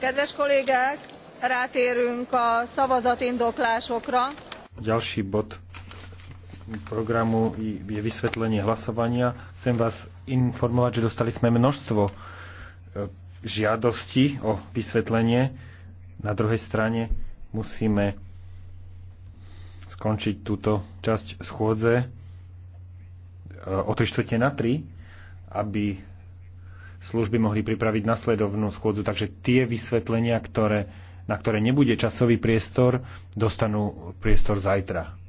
Kedves kollégák, rátérünk a szavazatindoklásokra. Ďalší bod programu je vysvetlenie hlasovania. Chcem vás informovať, že dostali sme množstvo e, žiadostí o vysvetlenie. Na druhej strane musíme skončiť túto časť schôdze e, o 3 na 3, aby služby mohli pripraviť nasledovnú schôdzu, takže tie vysvetlenia, ktoré, na ktoré nebude časový priestor, dostanú priestor zajtra.